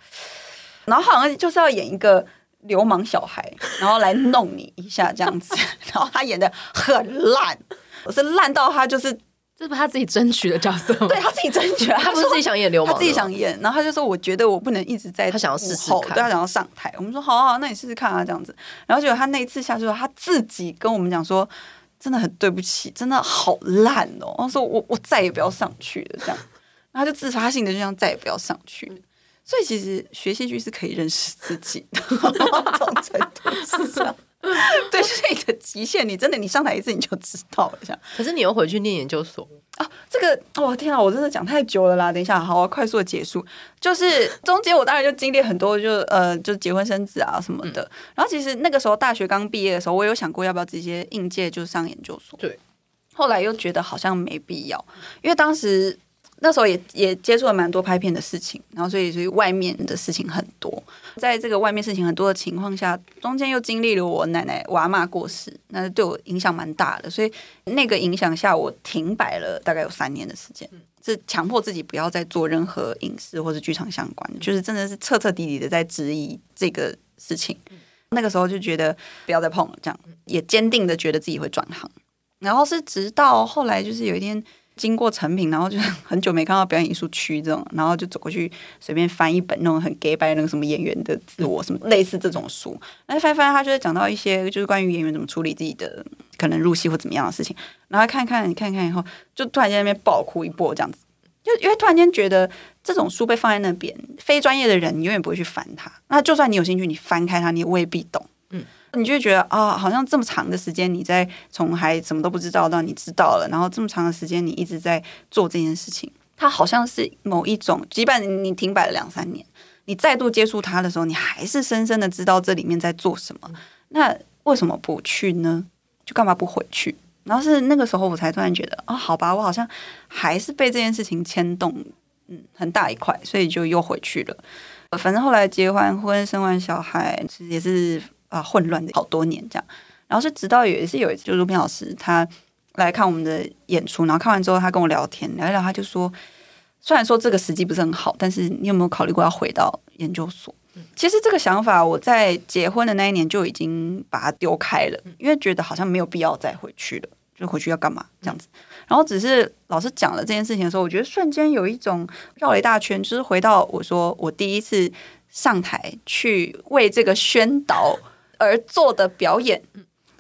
[SPEAKER 3] 然後好像就是要演一個流氓小孩，然後來弄你一下這樣子。 然後他演得很爛，我 是爛到他就是這是不是他自己爭取的角色 對，他自己爭取他，他不是自己想演流氓，他自己想演。然後他就說：“我覺得我不能一直在，他想要試試看對，他想要上台。”我們說：“好好，那你試試看啊，這樣子。”然後結果他那一次下去，他自己跟我們講說：“真的很對不起，真的好爛哦、喔。然後我”我說：“我我再也不要上去了。”這樣。 他就自發性的就想再也不要上去，所以其實學戲劇是可以認識自己的這種程度，是這樣。對，就是你的極限。你真的你上台一次你就知道了，這樣。可是你又回去念研究所啊？這個哦，天啊！我真的講太久了啦。等一下，好、啊，我快速的結束。就是中間我當然就經歷很多，就呃，就結婚生子啊什麼的。然後其實那個時候大學剛畢業的時候，我有想過要不要直接應屆就上研究所。對。後來又覺得好像沒必要，因為當時。那時候也也接觸了蠻多拍片的事情，然後所以所以外面的事情很多，在這個外面事情很多的情況下，中間又經歷了我奶奶阿嬤過世，那對我影響蠻大的，所以那個影響下，我停擺了大概有三年的時間，嗯，是強迫自己不要再做任何影視或是劇場相關，嗯，就是真的是徹徹底底的在質疑這個事情，嗯。那個時候就覺得不要再碰了，這樣也堅定的覺得自己會轉行，然後是直到後來就是有一天。經過成品，然後就是很久沒看到表演藝術區這種，然後就走過去隨便翻一本那種很 g a y 那個什麼演員的自我什麼類似這種書，哎，翻翻他就會講到一些就是關於演員怎麼處理自己的可能入戲或怎麼樣的事情，然後看看你看看以後就突然間在那邊爆哭一波這樣子，就因為突然間覺得這種書被放在那邊，非專業的人你永遠不會去翻它，那就算你有興趣，你翻開它，你也未必懂，嗯。你就覺得啊、哦，好像這麼長的時間，你在從還什麼都不知道到你知道了，然後這麼長的時間，你一直在做這件事情，它好像是某一種，即便你停擺了兩三年，你再度接觸它的時候，你還是深深的知道這裡面在做什麼。那為什麼不去呢？就幹嘛不回去？然後是那個時候，我才突然覺得啊、哦，好吧，我好像還是被這件事情牽動，嗯，很大一塊，所以就又回去了。反正後來結完婚、婚、生完小孩，其實也是。啊，混亂的好多年這樣，然後是直到有一次，有一次，就是萍老師他來看我們的演出，然後看完之後，他跟我聊天聊一聊，他就說，雖然說這個時機不是很好，但是你有沒有考慮過要回到研究所？嗯、其實這個想法我在結婚的那一年就已經把它丟開了，嗯、因為覺得好像沒有必要再回去了，就回去要幹嘛這樣子、嗯。然後只是老師講了這件事情的時候，我覺得瞬間有一種繞了一大圈，就是回到我說我第一次上台去為這個宣導、嗯。而做的表演，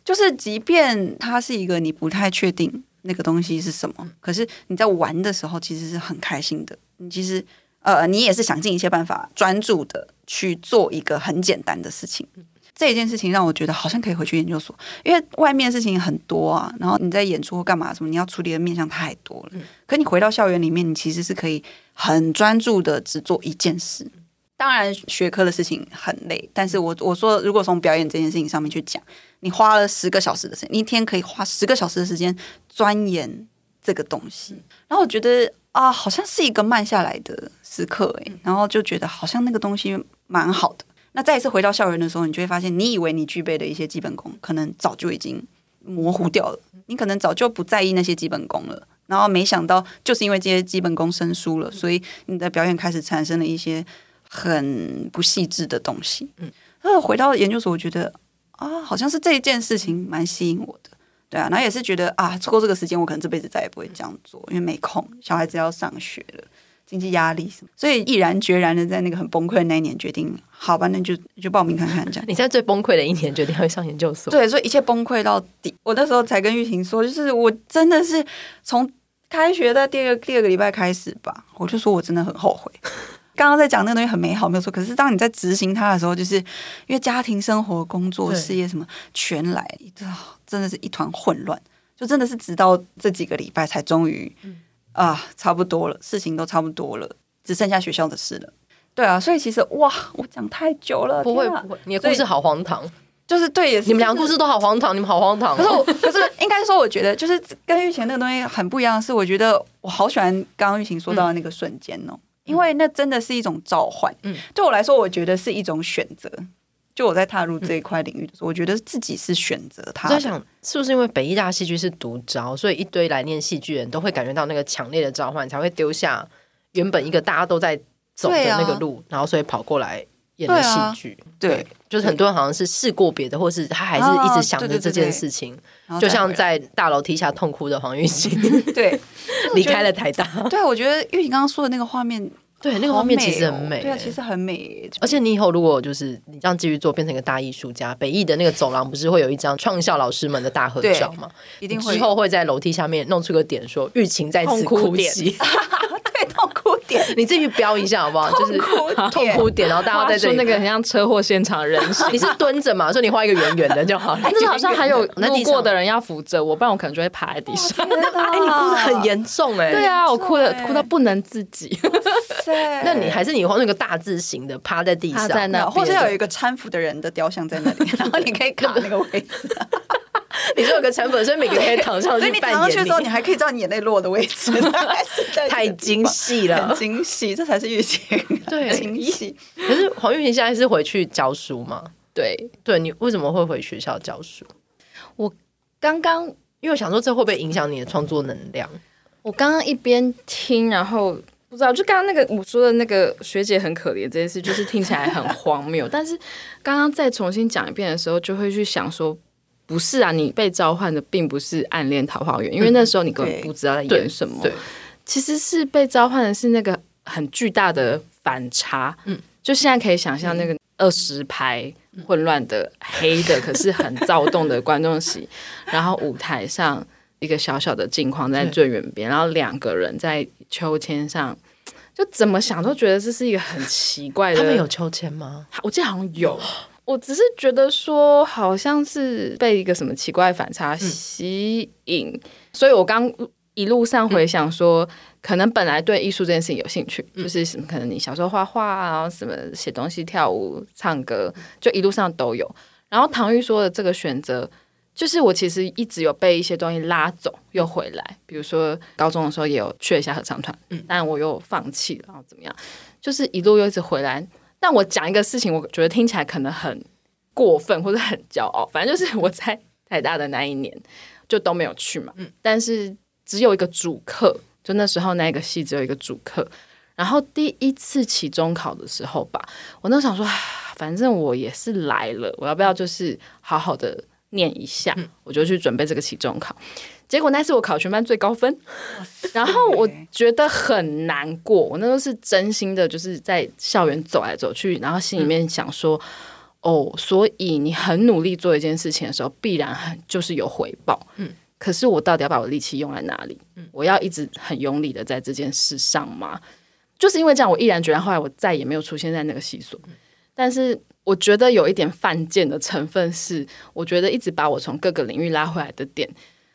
[SPEAKER 3] 就是即便它是一個你不太確定那個東西是什麼，可是你在玩的時候其實是很開心的。你其實呃，你也是想盡一切辦法專注的去做一個很簡單的事情、嗯。這一件事情讓我覺得好像可以回去研究所，因為外面的事情很多啊。然後你在演出或幹嘛什麼，你要處理的面向太多了。嗯、可你回到校園裡面，你其實是可以很專注的只做一件事。當然，學科的事情很累，但是我我說，如果從表演這件事情上面去講，你花了十個小時的時間，你一天可以花十個小時的時間鑽研這個東西，嗯、然後我覺得啊，好像是一個慢下來的時刻耶、嗯、然後就覺得好像那個東西蠻好的。那再一次回到校園的時候，你就會發現，你以為你具備的一些基本功，可能早就已經模糊掉了，你可能早就不在意那些基本功了，然後沒想到就是因為這些基本功生疏了，嗯、所以你的表演開始產生了一些。很不細緻的東西。
[SPEAKER 1] 嗯，
[SPEAKER 3] 那回到研究所，我覺得啊，好像是這一件事情蠻吸引我的。對啊，然後也是覺得啊，錯過這個時間，我可能這輩子再也不會這樣做、嗯，因為沒空，小孩子要上學了，經濟壓力什麼，所以毅然決然的在那個很崩潰的那一年，決定好吧，那就就報名看看。這樣你在最崩潰的一年決定要上研究所， 對，所以一切崩潰到底。我那時候才跟郁晴說，就是我真的是從開學的第二第二個禮拜開始吧，我就說我真的很後悔。剛剛在講那個東西很美好，沒有錯。可是當你在執行它的時候，就是因為家庭生活、工作、事業什麼全來，真的是一團混亂。就真的是直到這幾個禮拜才終於、嗯、啊，差不多了，事情都差不多了，只剩下學校的事了。對啊，所以其實哇，我講
[SPEAKER 1] 太久了，不會不會，你的故事好荒唐，就是對，也是你們倆故事都好荒唐，你們好荒唐。可是
[SPEAKER 3] 可是，應該說，我覺得就是跟郁晴那個東西很不一樣的是，我覺得我好喜歡剛剛郁晴說到的那個瞬間哦。嗯因為那真的是一種召喚，嗯、對我來說，我覺得
[SPEAKER 1] 是一種選擇。就我在踏入這一塊領域的時候，嗯、我覺得自己是選擇他。我在想，是不是因為北藝大戲劇是獨招，所以一堆來念戲劇人都會感覺到那個強烈的召喚，才會丟下原本一個大家都在走的那個路，啊、然後所以跑過來。演的戲劇、啊，對，就是很多人好像是試過別的，或是他還是一直想着這件事情，對對對對，就像在大樓梯下痛哭的黃郁晴，對， 離開了台大。
[SPEAKER 3] 對我覺得郁晴剛剛說的那個畫面，對、哦，那個畫面其實很美，對啊，其實很美。
[SPEAKER 1] 而且你以後如果就是你這樣繼續做，變成一個大藝術家，北藝的那個走廊不是會有一張創校老師們的大合照嗎？一定會，你之後會在樓梯下面弄出個點說，說郁晴在此哭泣。 痛哭點， 你自己標一下好不好？哭就是痛哭點，然後大家在說那個
[SPEAKER 2] 很像車禍現場人形。 你是蹲着嘛？說你畫一個圓圓的就好了。這 好像還有路過的人要扶着我，不然我可能就會趴在地上。
[SPEAKER 1] 哦、 哎，你哭的很
[SPEAKER 2] 嚴重哎！對啊，我哭的哭到不能自己。 對 那你
[SPEAKER 1] 還是你畫那個大字形的，趴在地上，在那或者要有一
[SPEAKER 3] 個攙扶的人的雕像在那裡， 然
[SPEAKER 1] 後你可以看到那個位置。
[SPEAKER 3] 你說有個成本，所以每個月躺上去。所以你躺上去的時候，你還可以知道你眼淚落的位置。
[SPEAKER 1] 太精細了，很精細，這才是郁晴，
[SPEAKER 2] 對，精細。
[SPEAKER 1] 可是黃郁晴現在是回去教書嗎？對，對，你為什麼會回學校教書？
[SPEAKER 2] 我剛剛因為我想說這會不會影響你的創作能量？我剛剛一邊聽，然後不知道，就剛剛那個我說的那個學姐很可憐這件事，就是聽起來很荒謬， 但是剛剛再重新講一遍的時候，就會去想說。不是啊，你被召喚的並不是暗戀桃花源，因為那時候你根本不知道在演什麼。嗯、對對對，其實是被召喚的是那個很巨大的反差。嗯，就現在可以想象那個二十排混亂的、嗯、黑的，可是很躁動的觀眾席， 然後舞台上一個小小的鏡框在最遠邊，然後兩個人在秋千上，就怎麼想都覺得這是一個很奇怪的。他們有秋千嗎？我記得好像有。我只是覺得說，好像是被一個什麼奇怪反差吸引，所以我剛一路上回想說，可能本來對藝術這件事情有興趣，就是什麼可能你小時候畫畫啊，什麼寫東西、跳舞、唱歌，就一路上都有。然後唐聿說的這個選擇，就是我其實一直有被一些東西拉走又回來，比如說高中的時候也有去一下合唱團，但我又放棄了，然後怎麼樣，就是一路又一直回來。但我講一個事情，我覺得聽起來可能很過分或者很驕傲，反正就是我在台大的那一年就都沒有去嘛。嗯，但是只有一個主課，就那時候那個系只有一個主課。然後第一次期中考的時候吧，我都想說，反正我也是來了，我要不要就是好好的念一下？嗯，我就去準備這個期中考。結果那次我考全班最高分，然後我覺得很難過。我那時候是真心的，就是在校園走來走去，然後心裡面想說：“哦，所以你很努力做一件事情的時候，必然很就是有回報。”可是我到底要把我力氣用在哪裡？我要一直很用力的在這件事上嗎？就是因為這樣，我毅然決然，後來我再也沒有出現在那個系所。但是我覺得有一點犯賤的成分是，我覺得一直把我從各個領域拉回來的點。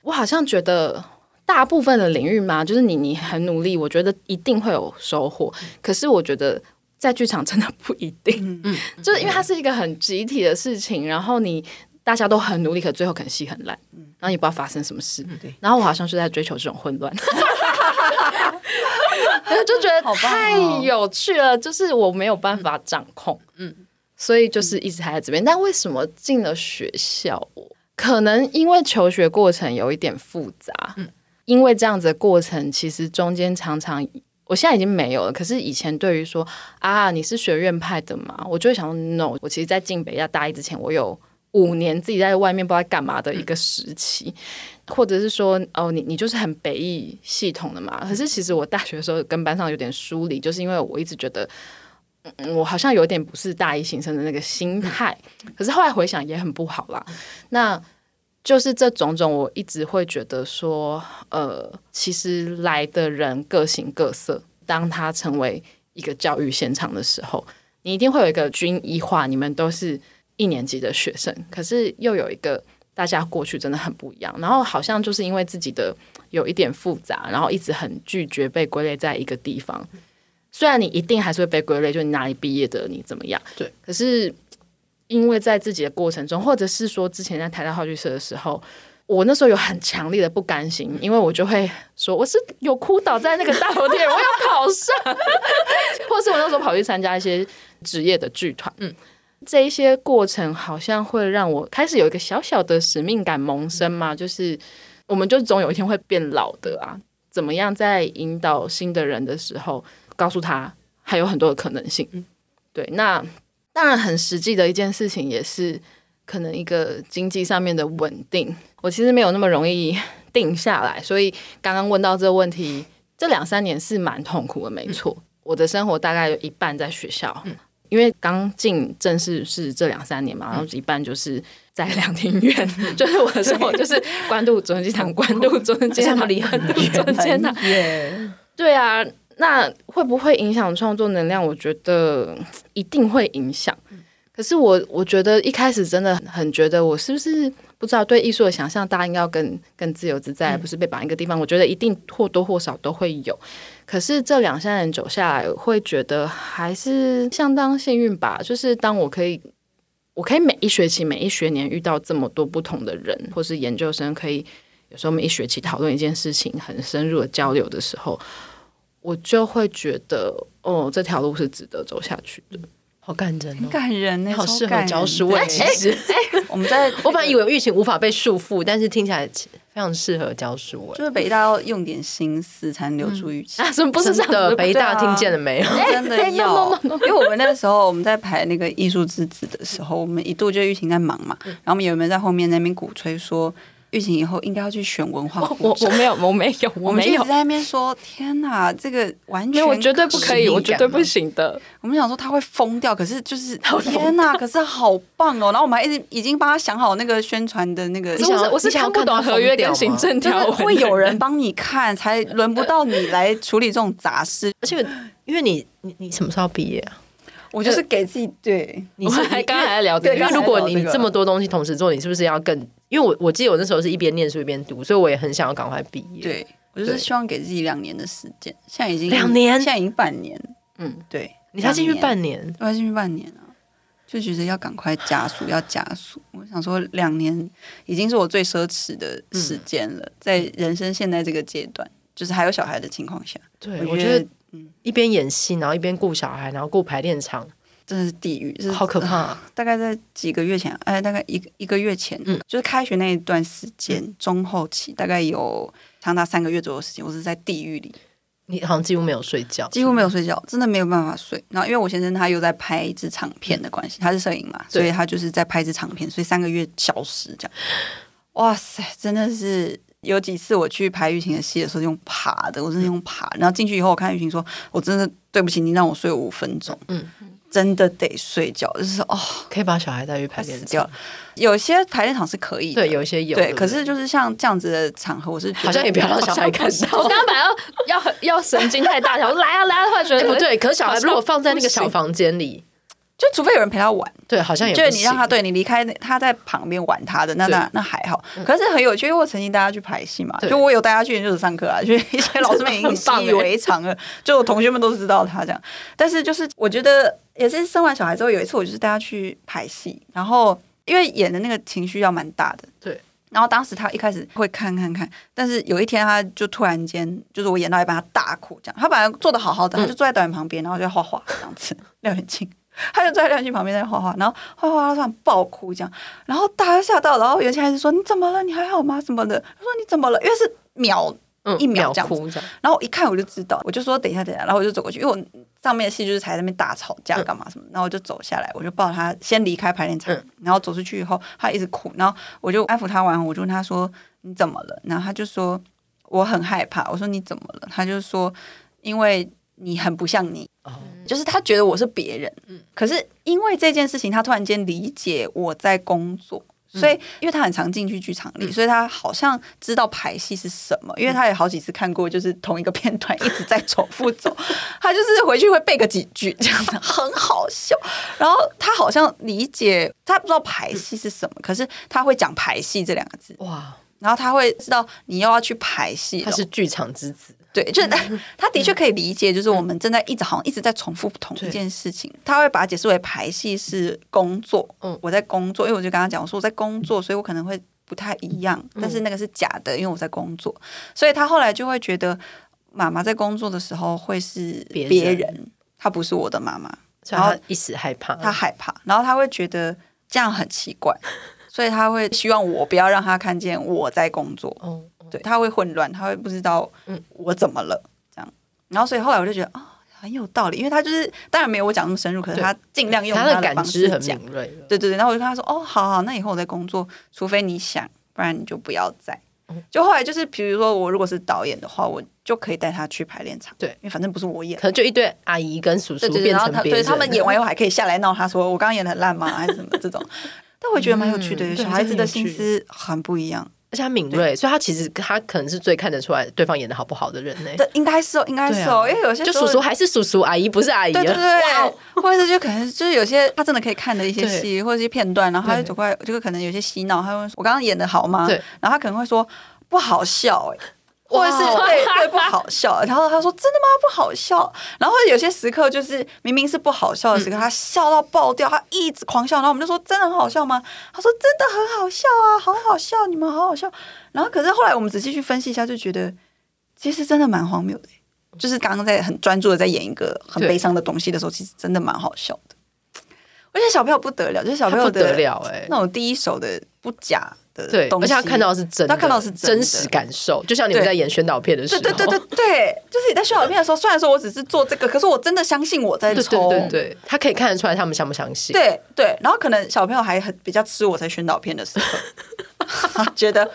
[SPEAKER 2] 我好像覺得大部分的領域嘛，就是你你很努力，我覺得一定會有收穫，嗯。可是我覺得在劇場真的不一定，嗯，就是因為它是一個很集體的事情，嗯、然後你大家都很努力，嗯、可最後可能戲很爛、嗯，然後也不知道發生什麼事。嗯、對，然後我好像是在追求這種混亂， 就覺得太有趣了，就是我沒有辦法掌控，嗯，所以就是一直還在這邊。嗯、但為什麼進了學校？可能因為求學過程有一點複雜，嗯、因為這樣子的過程，其實中間常常，我現在已經沒有了。可是以前對於說啊，你是學院派的嘛，我就會想，no。我其實，在進北藝大大一之前，我有五年自己在外面不知道幹嘛的一個時期，嗯、或者是說，哦，你你就是很北藝系統的嘛。可是其實我大學的時候跟班上有點疏離，就是因為我一直覺得。嗯、我好像有點不是大一新生的那個心態、嗯，可是後來回想也很不好啦。嗯、那就是這種種，我一直會覺得說，呃，其實來的人各形各色。當他成為一個教育現場的時候，你一定會有一個均一化，你們都是一年級的學生。可是又有一個大家過去真的很不一樣，然後好像就是因為自己的有一點複雜，然後一直很拒絕被歸類在一個地方。雖然你一定還是會被歸類，就你哪裡畢業的，你怎麼樣？對。可是，因為在自己的過程中，或者是說之前在台大話劇社的時候，我那時候有很強烈的不甘心、嗯，因為我就會說我是有哭倒在那個大頭貼店， 我要跑考上， 或是我那時候跑去參加一些職業的劇團。嗯，這一些過程好像會讓我開始有一個小小的使命感萌生嘛、嗯，就是我們就總有一天會變老的啊，怎麼樣在引導新的人的時候？告訴他還有很多的可能性，嗯、對。那當然很實際的一件事情也是可能一個經濟上面的穩定。我其實沒有那麼容易定下來，所以剛剛問到這個問題，這兩三年是蠻痛苦的，沒錯、嗯。我的生活大概有一半在學校，嗯、因為剛進正式是這兩三年嘛、嗯，然後一半就是在兩廳院、嗯，就是我的生活就是關渡、中正紀念堂、嗯、關渡中間、三、嗯、離、嗯、很關中間那，對啊。那會不會影響創作能量？我覺得一定會影響。可是我我覺得一開始真的很覺得我是不是不知道對藝術的想象大家應該要更更自由自在，而不是被綁一個地方。我覺得一定或多或少都會有。可是這兩三年走下來，會覺得還是相當幸運吧。就是當我可以，我可以每一學期、每一學年遇到這麼多不同的人，或是研究生，可以有時候每一學期討論一件事情，很深入的交流的時候。我就會覺得，哦，這條路是值得走下去的，
[SPEAKER 1] 好感人、哦、很感人哦，感人呢，好適合教書問。問，其實，欸欸、我們在、那個，我本來以為郁晴無法被束縛，但是聽起來非常適合教書問。就是北
[SPEAKER 3] 大要用點心思才能留住郁晴，嗯、啊！什麼不是的？北大聽見了沒有？啊欸，真的要，欸、no no no no 因為我們那個時候我們在排那個《藝術之子》的時候，我們一度就郁晴在忙嘛，然後我們有沒有在後面那邊鼓吹說。疫情以後應該要去選文化。我我沒有我沒有我沒有在那邊說，天吶，這個完全我絕對不可以，我絕對不行的。我們想說他會瘋掉，可是就是天吶，可是好棒哦、喔。然後我們還一直已經幫他想好那個宣傳的那個你想。你我我是看不懂合約跟行政，就是會有人幫你看，才輪不到你來處理這種雜事。而且因為你你你，你什麼時候畢業啊？我就是給自己對，
[SPEAKER 1] 你剛才剛剛還在聊，因為如果你,你這麼多東西同時做，你是不是要更？因為我我記得我那時候是一邊念書一邊讀，所以我也很想要趕快畢業。對
[SPEAKER 3] 我就是希望給自己兩年的時間，現在已經兩年，現在已經半年,
[SPEAKER 1] 年，嗯對，對你才進去
[SPEAKER 3] 半年，年我才進去半年啊，就覺得要趕快加速，要加速。我想說，兩年已經是我最奢侈的時間了，在人生現在這個階段，就是還有小孩的情況下，
[SPEAKER 1] 對我覺得。
[SPEAKER 3] 嗯，一邊演戲，然後一邊顧小孩，然後顧排練場，真的是地獄。哦，好可怕。啊呃，大概在幾個月前，哎、呃，大概一一個月前，嗯，就是開學那一段時間、嗯、中後期，大概有長達三個月左右的時間，我是在地獄裡。你好像幾乎沒有睡覺，幾乎沒有睡覺，真的沒有辦法睡。然後因為我先生他又在拍一支長片的關係、嗯，他是攝影嘛，所以他就是在拍一支長片，所以三個月小時這樣。哇塞，真的是。有幾次我去拍郁晴的戲的時候，用爬的，我真的用爬的。然後進去以後，我看郁晴說：“我真的對不起，你讓我睡五分鐘，嗯，真的得睡覺。”就是說，哦，可以把小孩帶去排練場。死掉了，有些排練場是可以，對，有一些有。對，可是就是像這樣子的場合，我是好像也不要讓小孩看到，要孩看到 我才把要。我剛剛
[SPEAKER 2] 本要要神經太大條，我來啊來啊，突 然覺得不對，可是小孩如果放在那個小
[SPEAKER 3] 房
[SPEAKER 1] 間裡。就除非有人陪他玩，對，好像也就是你讓他
[SPEAKER 3] 對你離開，他在旁邊玩他的，那那那還好、嗯。可是很有趣，因為我曾經帶他去拍戲嘛，就我有帶他去研究所就是上課啊，就一些老師們已經習以為常了、 欸，就我同學們都知道他這樣。 但是就是我覺得也是生完小孩之後，有一次我就是帶他去拍戲，然後因為演的那個情緒要蠻大的，對。然後當時他一開始會看看看，但是有一天他就突然間就是我演到一半他大哭，這樣。他本來做的好好的、嗯，他就坐在導演旁邊，然後就畫畫這樣子，亮眼睛。 他就坐在梁俊旁邊在畫畫，然後畫畫畫突然爆哭這樣，然後大家嚇到，然後有些孩子說：“你怎麼了？你還好嗎？”什麼的，他說：“你怎麼了？”因為是秒、嗯、一秒,這樣,秒哭這樣，然後我一看我就知道，我就說：“等一下，等一下。”然後我就走過去，因為我上面的戲就是才在那邊大吵架幹嘛什麼、嗯，然後我就走下來，我就抱他先離開排練場、嗯，然後走出去以後，他一直哭，然後我就安撫他完，我就問他說：“你怎麼了？”然後他就說：“我很害怕。”我說：“你怎麼了？”他就說：“因為……”你很不像你，oh. 就是他覺得我是別人、嗯。可是因為這件事情，他突然間理解我在工作，所以、嗯、因為他很常進去劇場裡、嗯，所以他好像知道排戲是什麼。因為他也好幾次看過，就是同一個片段一直在重複走， 他就是回去會背個幾句 這樣子，很好笑。然後他好像理解，他不知道排戲是什麼、嗯，可是他會講排戲這兩個字，哇！然後他會知道你又要去排戲，他是劇場之子。對，就是他，嗯、他的確可以理解，就是我們正在一直、嗯、好像一直在重複同一件事情，他會把它解釋為排戲是工作。嗯，我在工作，因為我就跟他講，我說我在工作，所以我可能會不太一樣、嗯，但是那個是假的，因為我在工作，所以他後來就會覺得媽媽在工作的時候會是別人，她不是我的媽媽、嗯。然後他所以他一時害怕，他害怕，然後他會覺得這樣很奇怪， 所以他會希望我不要讓他看見我在工作。哦對他會混亂，他會不知道我怎麼了，嗯、這樣。然後所以後來我就覺得啊、哦，很有道理，因為他就是當然沒有我講那麼深入，可是他儘量用他的方式講，他的感知很敏銳，對對對，然後我就跟他說：“哦，好好，那以後我在工作，除非你想，不然你就不要在。嗯”就後來就是比如說我如果是導演的話，我就可以帶他去排練場，對，因為反正不是我演的，可能就一堆阿姨跟叔叔變成別人，對，對，對，然後他，對他們演完以後還可以下來鬧，他說 我剛剛演的很
[SPEAKER 1] 爛嗎？還是什麼這種？ 但我覺得
[SPEAKER 3] 蠻有趣的、嗯，小孩子的心思
[SPEAKER 1] 很、很不一樣。而且他敏銳，所以他其實他可能是最看得出來對方演的好不好的人呢、欸。對，應該是哦，應該是哦，啊、因為有些就叔叔還是叔叔 阿姨，不是阿姨、啊。對對對，對，wow、
[SPEAKER 3] 或者是就可能就是有些他真的可以看的一些戲或者是一些片段，然後他就走過來就可能有些洗腦，他說，我剛剛演的好嗎？對，然後他可能會說不好笑、欸
[SPEAKER 2] 我、Wow. 是對，最不
[SPEAKER 3] 好笑，然後他說真的嗎？不好笑。然後有些時刻就是明明是不好笑的時刻，他笑到爆掉，他一直狂笑。然後我們就說真的很好笑嗎？他說真的很好笑啊，好好笑，你們好好笑。然後可是後來我們仔細去分析一下，就覺得其實真的蠻荒謬的、欸。就是剛剛在很專注的在演一個很悲傷的東西的時候，其實真的蠻好笑的。而且小朋友不得了，就是小朋友的得了、欸、那種第一手的不假。對，而且他看到的是真的，他看到的是真的真實
[SPEAKER 1] 感受對對對對，就像你們在演宣導片的時候，對對
[SPEAKER 3] 對對就是你在宣導片的時候， 雖然說我只是做這個，可是我真的相信我在做。對，對對對，他可以看得出來他們相不相信，對對，然後可能小朋友還很比較吃我在宣導片的時候， 覺得。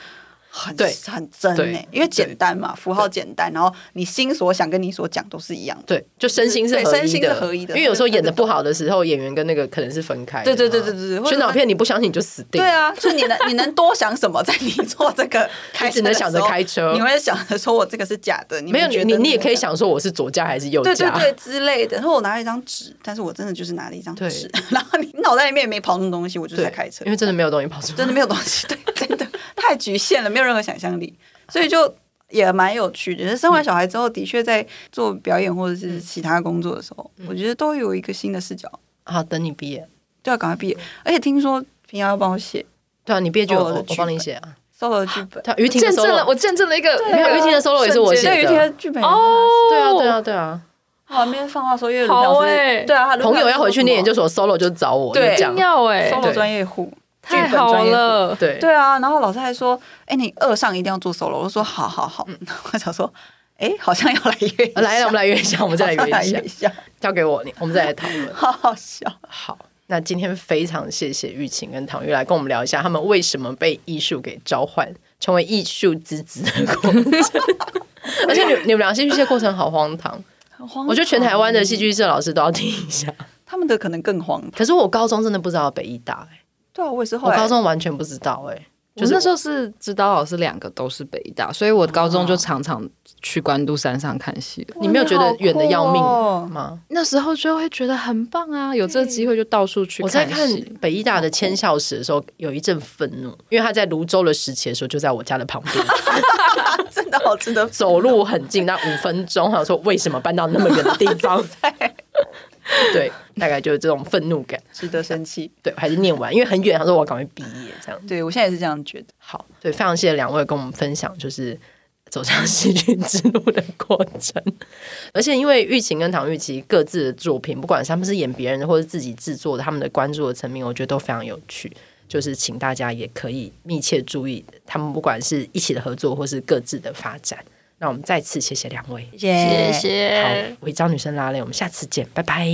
[SPEAKER 3] 很對很真誒、欸，因為簡單嘛，符號簡單，然後你心所想跟你所講都是一樣
[SPEAKER 1] 的。對，就身心是身心的合一的。因為有時候演的不好的時候，演員跟那個可能是分開的。對對對對對，宣傳片你不相信你就死定，對啊，就 你能你能多想
[SPEAKER 3] 什麼？在你做這
[SPEAKER 1] 個開， 你只能想着開車。你會想着說我這個是假的？你沒有，你你覺得你也可以想說我是左駕還是右駕對、對、對、對
[SPEAKER 3] 之類的。然後我拿了一張紙，但是我真的就是拿了一張紙， 然後你腦袋裡面也沒跑什麼東西，我就在開車。因為
[SPEAKER 1] 真的沒有東西跑出，真的沒
[SPEAKER 3] 有東西。對，真的， 真的太局限了，沒有。任何想象力，所以就也蠻有趣的。是生完小孩之後，的確在做表演或者是其他工作的時候，嗯、我覺得都有一個新的視角。
[SPEAKER 1] 好、嗯啊，等你畢業
[SPEAKER 3] 就要趕快畢業、嗯，而且聽說平安要幫我寫。對啊，你畢業就有我幫你寫啊
[SPEAKER 2] ，solo 的劇本。他郁晴真的、solo 我見證了，我見證了一個，沒有郁晴的 solo 也是我寫的。郁晴的劇本哦、啊，oh, 對啊，
[SPEAKER 1] 對啊，對啊。
[SPEAKER 3] 旁 邊、啊、放話說越越，因為好哎、欸，對啊他，朋友要回去念研究
[SPEAKER 1] 所，solo 就找我。對，要哎、欸、，solo 專業戶。
[SPEAKER 3] 太、欸欸、好了，對對啊，然後老師還說：“哎、欸，你二上一定要做手了。」我就說：“好好好。嗯”然後我想說：“哎、欸，好像要來約、啊、來、啊、我們來約一下。我們再來，約一，下來約一
[SPEAKER 1] 下。交給我你，我們再來討論。”好好笑。好，那今天非常謝謝郁晴跟唐聿來跟我們聊一下，他們為什麼被藝術給召喚成為藝術之子的過程。 而且你你們倆戲劇社過程好荒唐， 荒唐，我覺得全台灣的戲劇社老師都要聽一下，他們的可能更荒唐。可是我高中真的不知道北藝大、欸。我也是、欸。我高中完
[SPEAKER 2] 全不知道哎、欸，就是、那時候是知道，老師兩個都是北藝大，所以我高中就常常去關渡山上看戲。你沒有覺得遠的要命嗎、哦？那時候就會覺得很棒啊，有這個機會就到處去看。我在看
[SPEAKER 1] 北藝大的遷校史的時候，有一陣憤怒，因為他在蘆洲的時期的時候就在我家的旁邊， 真的好真的， 走路很近，那五分鐘。我說為什麼搬到那麼遠的地方？ 對，大概就是這種憤怒感，值得生氣。 對，還是念完，因為很遠。他說我趕快畢業，這樣。 對我現在也是這樣覺得。好，對，非常謝謝兩位跟我們分享，就是走上戲劇之路的過程。 而且，因為郁晴跟唐聿各自的作品，不管是他們是演別人的，或是自己製作的，他們的關注的層面，我覺得都非常有趣。就是請大家也可以密切注意他們，不管是一起的合作，或是各自的發展。那我們再次謝謝兩位謝謝、謝謝。好，違章女生 lalaLand，我們下次見，拜拜。